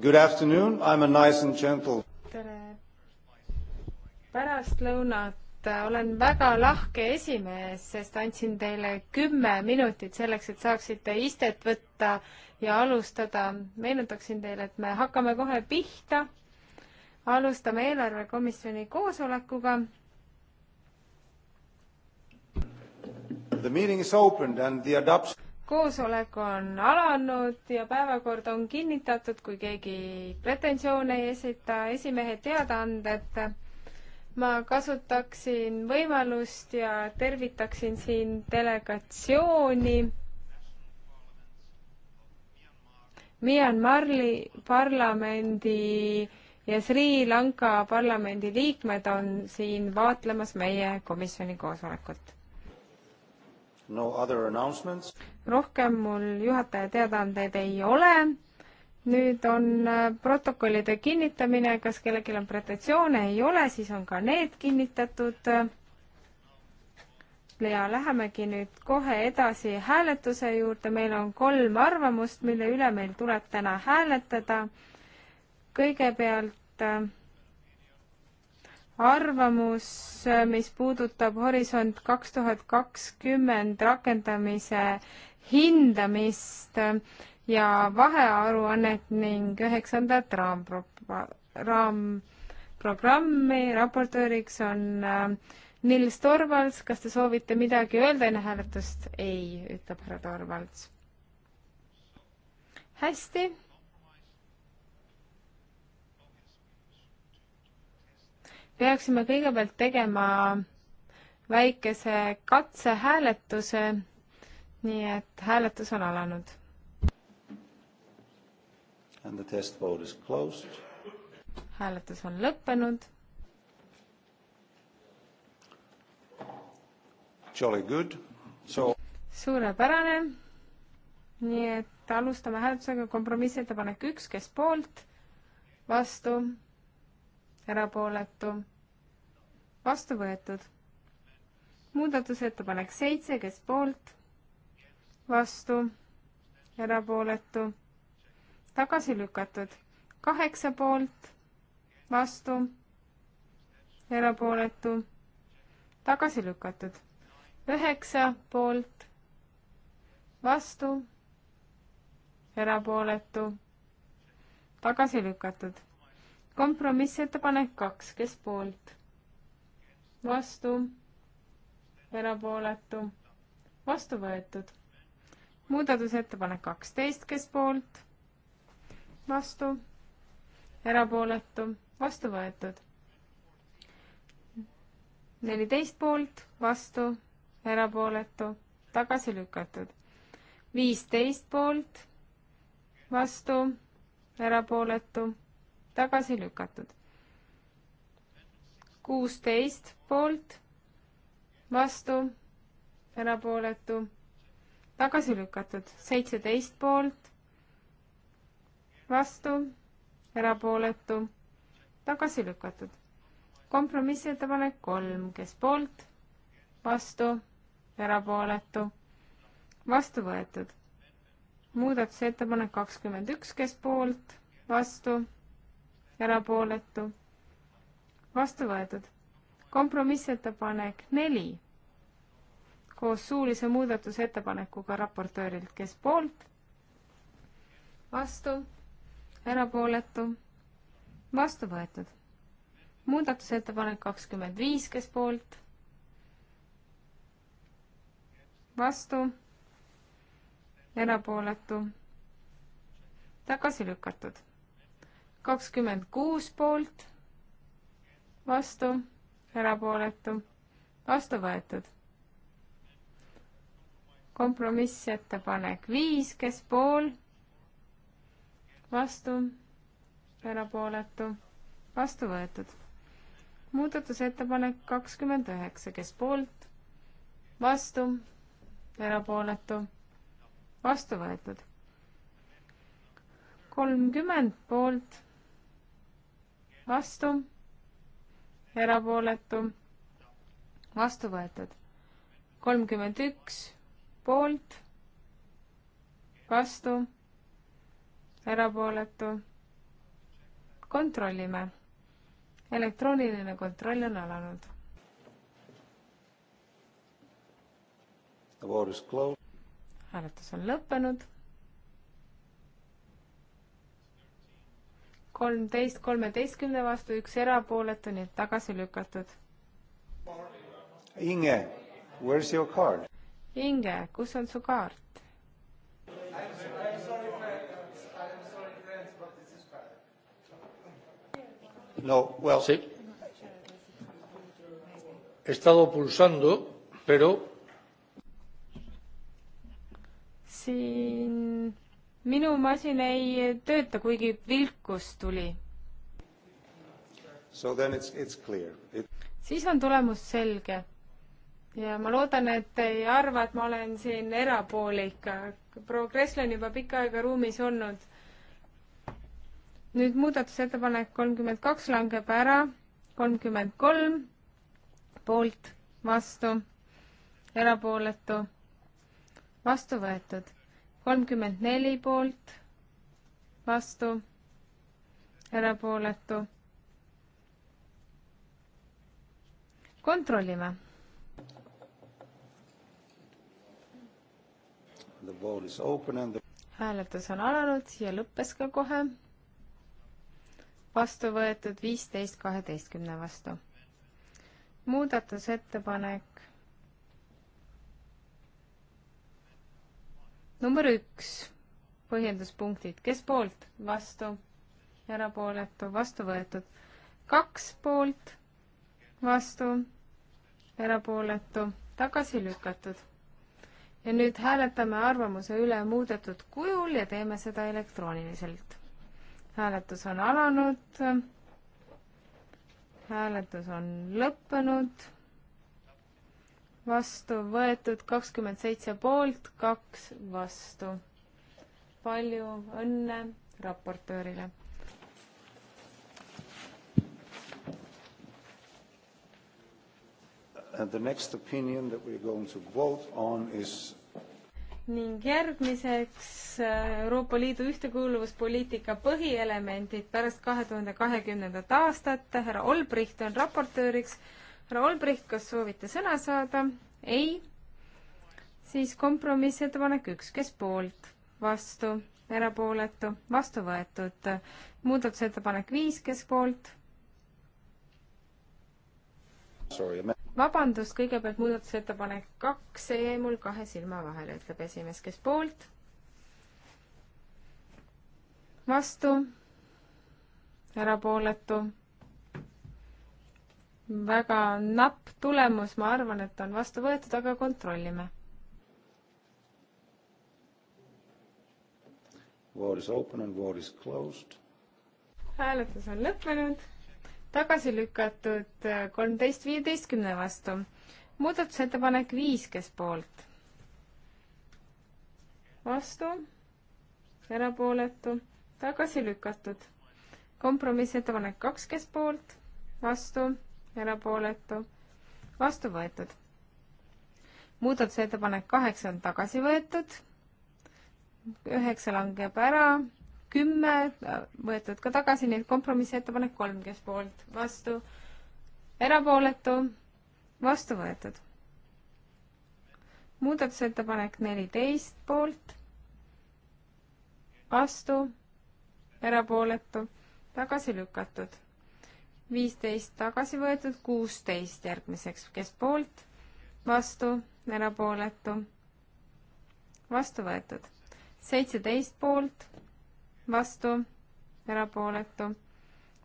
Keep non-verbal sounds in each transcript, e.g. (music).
Good afternoon, I am a nice and gentle. tere pärastlõunat, olen väga lahke esimees, sest andsin teile kümme minutit selleks, et saaksite istet võtta ja alustada. meenutaksin teile, et me hakkame kohe pihta. alustame eelarvekomisjoni koosolekuga. The meeting is opened and the adoption koosolek on alanud ja päevakord on kinnitatud, kui keegi pretensioone ei esita, esimehe teadaanded. ma kasutaksin võimalust ja tervitaksin siin delegatsiooni. Myanmari parlamendi ja Sri Lanka parlamendi liikmed on siin vaatlemas meie komisjoni koosolekut no rohkem mul juhataja teadaandeid ei ole. nüüd on äh, protokollide kinnitamine, kas kellelgi on pretensioone, ei ole, siis on ka need kinnitatud. ja lähemegi nüüd kohe edasi hääletuse juurde, meil on kolm arvamust, mille üle meil tuleb täna hääletada. kõigepealt äh, arvamus, mis puudutab Horisont kaks tuhat kakskümmend rakendamise hindamist ja vahearuannet ning üheksandat raampro-, raamprogrammi, raportööriks on äh, Nils Torvalds, kas te soovite midagi öelda enne hääletust? ei, ütleb härra Torvalds. hästi peaksime kõigepealt tegema väikese katsehääletuse, nii et hääletus on alanud. hääletus on lõppenud. So... suurepärane. nii et alustame hääletusega kompromissettepanek üks, kes poolt, vastu erapooletu, vastu võetud. muudatusettepanek seitse, kes poolt, vastu, erapooletu, tagasi lükatud. kaheksa poolt, vastu, erapooletu, tagasi lükatud. üheksa poolt, vastu, erapooletu, tagasi lükatud kompromissettepanek kaks, kes poolt? vastu, erapooletu, vastu võetud. muudatusettepanek kaksteist, kes poolt? vastu, erapooletu, vastu võetud. neliteist poolt, vastu, erapooletu, tagasi lükatud. viisteist poolt, vastu, erapooletu tagasi lükatud. kuusteist poolt, vastu, erapooletu, tagasi lükatud. seitseteist poolt, vastu, erapooletu, tagasi lükatud. kompromissettepanek kolm, kes poolt, vastu, erapooletu, vastu võetud muudatusettepanek kakskümmend üks, kes poolt, vastu, erapooletu, vastu võetud. kompromissettepanek neli koos suulise muudatusettepanekuga raportöörilt, kes poolt, vastu, erapooletu, vastu võetud. muudatusettepanek kakskümmend viis, kes poolt, vastu, erapooletu, tagasi lükatud kakskümmend kuus poolt, vastu, erapooletu, vastu võetud. kompromissettepanek viis, kes pool, vastu, erapooletu, vastu võetud. muudatusettepanek kakskümmend üheksa, kes poolt, vastu, erapooletu, vastu võetud. kolmkümmend poolt vastu, erapooletu, vastu võetud. kolmkümmend üks poolt, vastu, erapooletu. kontrollime. elektrooniline kontroll on alanud. hääletus on lõppenud kolmteist kolmeteistkümne vastu, üks erapooletu, nii et tagasi lükatud. Inge, where's your card? Inge, kus on su kaart? No, well, sí. He estado pulsando, pero. Siin minu masin ei tööta, kuigi vilkus tuli. It... siis on tulemus selge. ja ma loodan, et te ei arva, et ma olen siin erapoolik. proua Kressl on juba pikka aega ruumis olnud. nüüd muudatusettepanek kolmkümmend kaks langeb ära, kolmkümmend kolm poolt, vastu, erapooletu, vastu võetud kolmkümmend neli poolt, vastu, erapooletu. kontrollime. hääletus on alanud ja lõppes ka kohe. vastu võetud viisteist kaheteistkümne vastu. muudatusettepanek number üks, põhjenduspunktid, kes poolt, vastu, erapooletu, vastu võetud. kaks poolt, vastu, erapooletu, tagasi lükatud. ja nüüd hääletame arvamuse üle muudetud kujul ja teeme seda elektrooniliselt. hääletus on alanud. hääletus on lõppenud vastu võetud, kakskümmend seitse poolt, kaks vastu. palju õnne raportöörile! And the next opinion that we're going to vote on is ning järgmiseks äh, Euroopa Liidu ühtekuuluvuspoliitika põhielemendid pärast kahe tuhande kahekümnendat aastat. härra Olbricht on raportööriks härra Olbricht, kas soovite sõna saada? ei? siis kompromissettepanek üks, kes poolt, vastu, erapooletu, vastu võetud. muudatusettepanek viis, kes poolt? vabandust, kõigepealt muudatusettepanek kaks, see jäi mul kahe silma vahele, ütleb esimees, kes poolt? vastu, erapooletu väga napp tulemus, ma arvan, et on vastu võetud, aga kontrollime. Vote is open and vote is closed. hääletus on lõppenud, tagasi lükatud kolmteist viieteistkümne vastu. muudatusettepanek viis, kes poolt? vastu, erapooletu, tagasi lükatud. kompromissettepanek kaks, kes poolt? vastu erapooletu, vastu võetud. muudatusettepanek kaheksa on tagasi võetud, üheksa langeb ära, kümme võetud ka tagasi, nii et kompromissettepanek kolm, kes poolt, vastu, erapooletu, vastu võetud. muudatusettepanek neliteist poolt, vastu, erapooletu, tagasi lükatud viisteist tagasi võetud, kuusteist järgmiseks, kes poolt, vastu, erapooletu, vastu võetud, seitseteist poolt, vastu, erapooletu,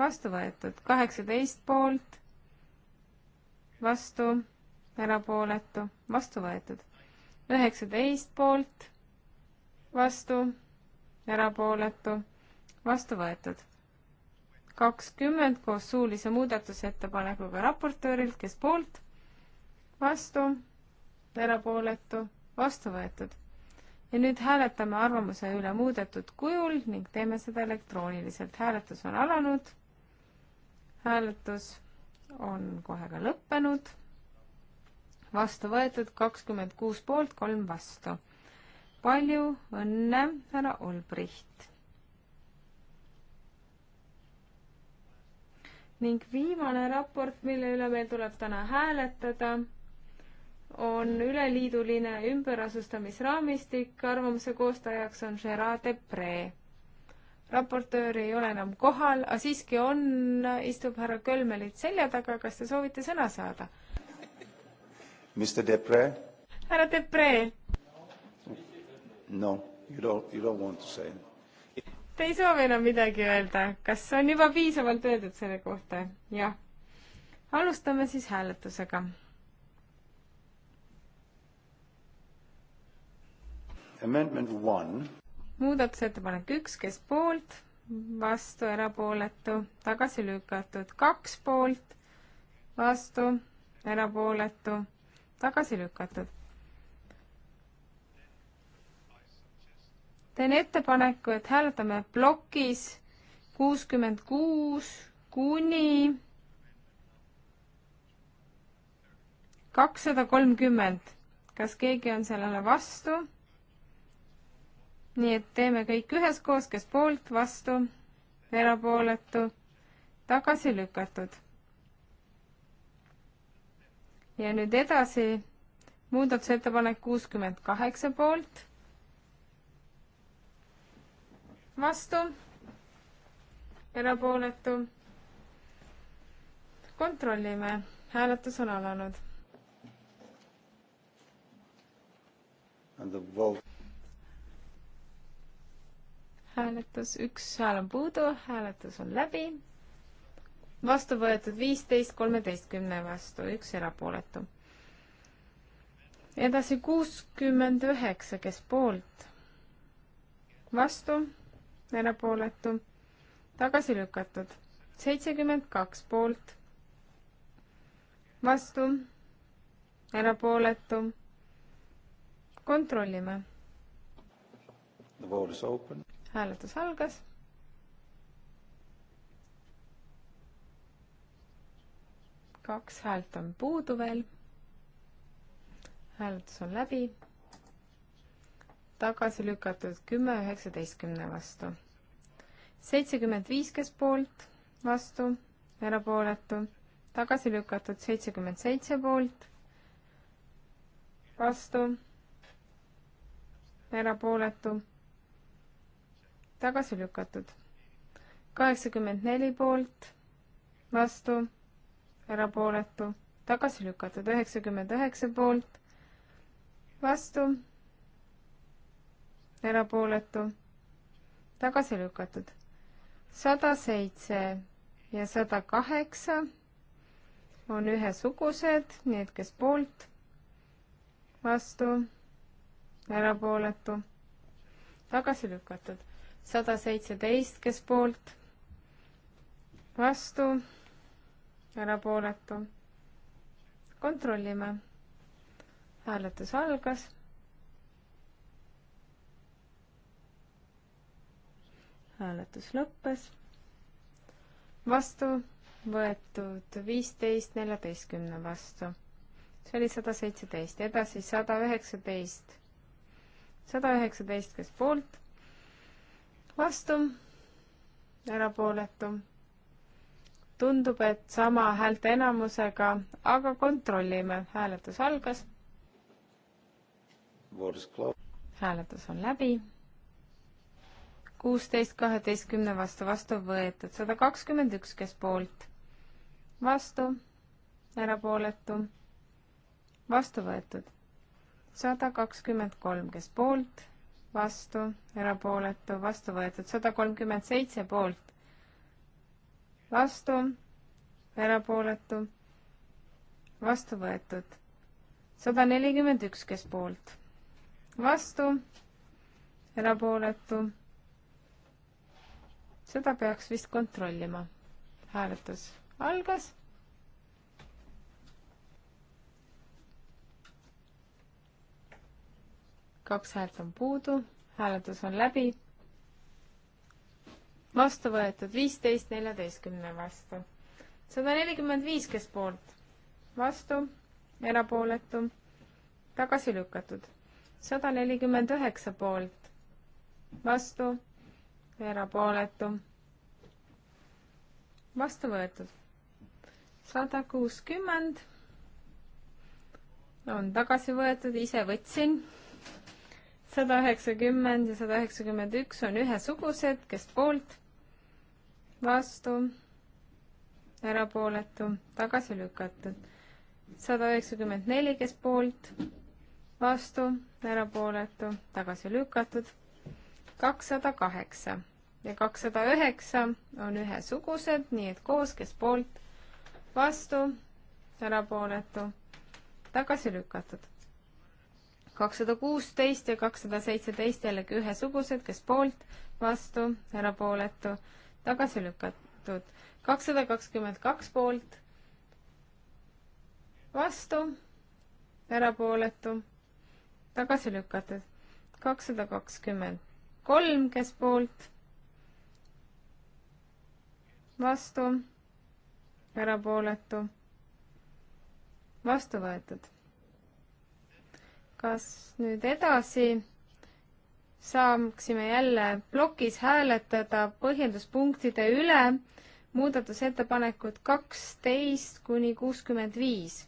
vastu võetud, kaheksateist poolt, vastu, erapooletu, vastu võetud, üheksateist poolt, vastu, erapooletu, vastu võetud kakskümmend koos suulise muudatusettepanekuga raportöörilt, kes poolt, vastu, erapooletu, vastu võetud. ja nüüd hääletame arvamuse üle muudetud kujul ning teeme seda elektrooniliselt. hääletus on alanud. hääletus on kohe ka lõppenud. vastu võetud kakskümmend kuus poolt, kolm vastu. palju õnne, härra Olbricht ning viimane raport, mille üle meil tuleb täna hääletada, on üleliiduline ümberasustamisraamistik, arvamuse koostajaks on Gerard Depree. raportöör ei ole enam kohal, aga siiski on, istub härra Kölmelit selja taga, kas te soovite sõna saada? härra Depree. no you don't, you don't want to say it Te ei soovi enam midagi öelda, kas on juba piisavalt öeldud selle kohta? jah. alustame siis hääletusega. Amendment one. muudatusettepanek üks, kes poolt, vastu, erapooletu, tagasi lükatud, kaks poolt, vastu, erapooletu, tagasi lükatud teen ettepaneku, et hääletame plokis kuuskümmend kuus kuni kakssada kolmkümmend. kas keegi on sellele vastu? nii et teeme kõik üheskoos, kes poolt, vastu, erapooletu, tagasi lükatud. ja nüüd edasi muudatusettepanek kuuskümmend kaheksa poolt vastu, erapooletu. kontrollime, hääletus on alanud. hääletus, üks hääl on puudu, hääletus on läbi. vastu võetud viisteist kolmeteistkümne vastu, üks erapooletu edasi kuuskümmend üheksa, kes poolt, vastu, erapooletu, tagasi lükatud. seitsekümmend kaks poolt, vastu, erapooletu. kontrollime. hääletus algas. kaks häält on puudu veel. hääletus on läbi tagasi lükatud kümme üheksateistkümne vastu. seitsekümmend viis, kes poolt, vastu, erapooletu, tagasi lükatud seitsekümmend seitse poolt, vastu, erapooletu, tagasi lükatud kaheksakümmend neli poolt, vastu, erapooletu, tagasi lükatud üheksakümmend üheksa poolt, vastu erapooletu, tagasi lükatud. sada seitse ja sada kaheksa on ühesugused, need, kes poolt, vastu, erapooletu, tagasi lükatud. sada seitseteist, kes poolt, vastu, erapooletu. kontrollime. hääletus algas hääletus lõppes. vastu võetud viisteist neljateistkümne vastu. see oli sada seitseteist, edasi sada üheksateist. sada üheksateist, kes poolt, vastu, erapooletu. tundub, et sama häälte enamusega, aga kontrollime, hääletus algas. hääletus on läbi kuusteist kaheteistkümne vastu, vastu võetud sada kakskümmend üks, kes poolt, vastu, erapooletu, vastu võetud sada kakskümmend kolm, kes poolt, vastu, erapooletu, vastu võetud sada kolmkümmend seitse poolt, vastu, erapooletu, vastu võetud sada nelikümmend üks, kes poolt, vastu, erapooletu seda peaks vist kontrollima. hääletus algas. kaks häält on puudu, hääletus on läbi. vastu võetud viisteist neljateistkümne vastu. sada nelikümmend viis, kes poolt, vastu, erapooletu, tagasi lükatud. sada nelikümmend üheksa poolt, vastu erapooletu, vastu võetud. sada kuuskümmend on tagasi võetud, ise võtsin. sada üheksakümmend ja sada üheksakümmend üks on ühesugused, kes poolt, vastu, erapooletu, tagasi lükatud. sada üheksakümmend neli, kes poolt, vastu, erapooletu, tagasi lükatud kakssada kaheksa ja kakssada üheksa on ühesugused, nii et koos, kes poolt, vastu, erapooletu, tagasi lükatud. kakssada kuusteist ja kakssada seitseteist jällegi ühesugused, kes poolt, vastu, erapooletu, tagasi lükatud. kakssada kakskümmend kaks poolt, vastu, erapooletu, tagasi lükatud. kakssada kakskümmend kolm, kes poolt, vastu, erapooletu, vastu võetud. kas nüüd edasi saaksime jälle plokis hääletada põhjenduspunktide üle muudatusettepanekud kaksteist kuni kuuskümmend viis?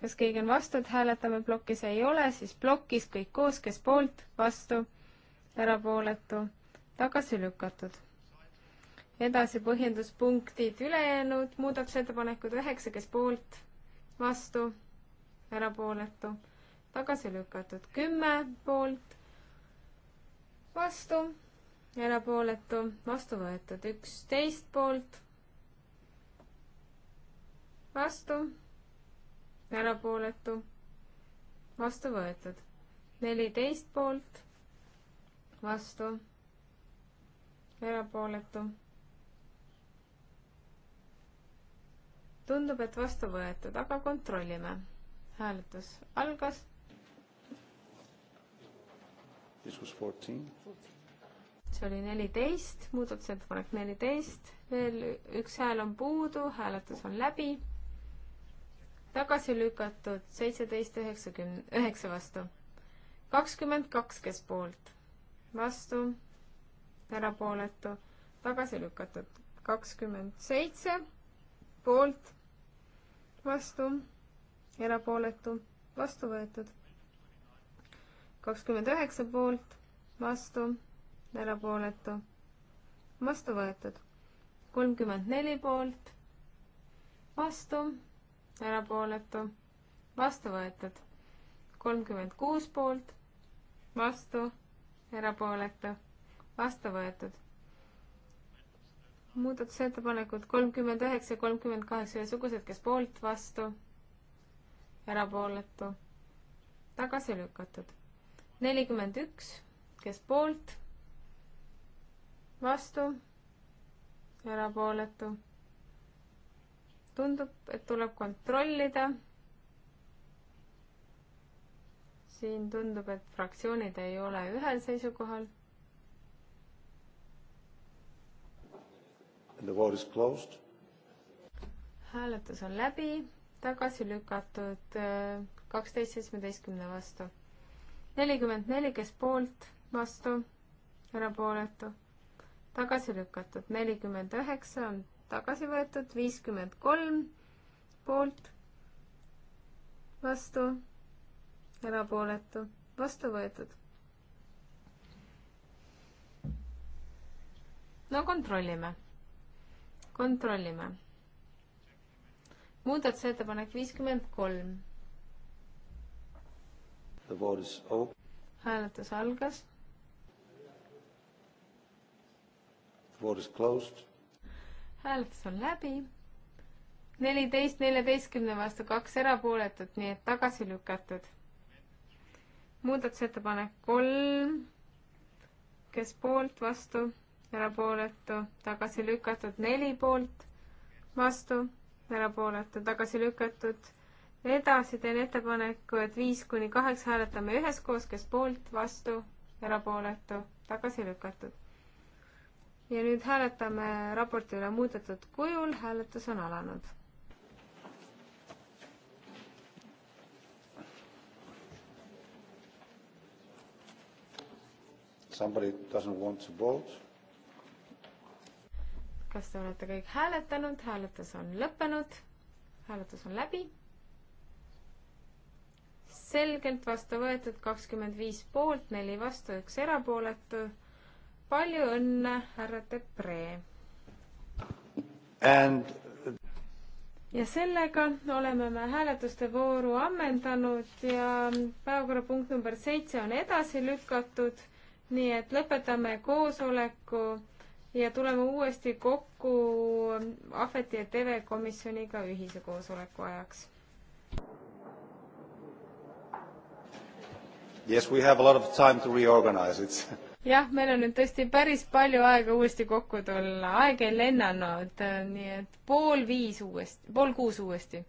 kas keegi on vastu, et hääletame plokis, ei ole, siis plokis kõik koos, kes poolt, vastu erapooletu, tagasi lükatud. edasi põhjenduspunktid, ülejäänud muudatusettepanekud üheksa, kes poolt, vastu, erapooletu, tagasi lükatud. kümme poolt, vastu, erapooletu, vastu võetud. üksteist poolt, vastu, erapooletu, vastu võetud. neliteist poolt vastu, erapooletu. tundub, et vastu võetud, aga kontrollime. hääletus algas. see oli neliteist, muudatusettepanek neliteist, veel üks hääl on puudu, hääletus on läbi. tagasi lükatud seitseteist üheksakümne, üheksa vastu. kakskümmend kaks, kes poolt vastu, erapooletu, tagasi lükatud. kakskümmend seitse poolt, vastu, erapooletu, vastu võetud. kakskümmend üheksa poolt, vastu, erapooletu, vastu võetud. kolmkümmend neli poolt, vastu, erapooletu, vastu võetud. kolmkümmend kuus poolt, vastu erapooletu, vastu võetud. muudatusettepanekud kolmkümmend üheksa, kolmkümmend kaheksa ühesugused, kes poolt, vastu, erapooletu, tagasi lükatud. nelikümmend üks, kes poolt, vastu, erapooletu. tundub, et tuleb kontrollida siin tundub, et fraktsioonid ei ole ühel seisukohal. hääletus on läbi, tagasi lükatud äh, kaksteist seitsmeteistkümne vastu. nelikümmend neli, kes poolt, vastu, erapooletu, tagasi lükatud, nelikümmend üheksa on tagasi võetud, viiskümmend kolm poolt, vastu erapooletu, vastu võetud. no kontrollime, kontrollime. muudatusettepanek viiskümmend kolm. hääletus algas. hääletus on läbi neliteist neljateistkümne vastu kaks erapooletut, nii et tagasi lükatud muudatusettepanek kolm, kes poolt, vastu, erapooletu, tagasi lükatud, neli poolt, vastu, erapooletu, tagasi lükatud. edasi teen ettepaneku, et viis kuni kaheksa hääletame üheskoos, kes poolt, vastu, erapooletu, tagasi lükatud. ja nüüd hääletame raporti üle muudetud kujul, hääletus on alanud Somebody doesn't want to vote. kas te olete kõik hääletanud, hääletus on lõppenud, hääletus on läbi. selgelt vastu võetud kakskümmend viis poolt, neli vastu, üks erapooletu. palju õnne, härra Depree And.... ja sellega oleme me hääletuste vooru ammendanud ja päevakorrapunkt number seitse on edasi lükatud nii et lõpetame koosoleku ja tuleme uuesti kokku Ahveti ja TV komisjoniga ühise koosoleku ajaks. Yes, we have a lot of time to reorganize it. (laughs) jah, meil on nüüd tõesti päris palju aega uuesti kokku tulla, aeg ei lennanud, nii et pool viis uuesti, pool kuus uuesti.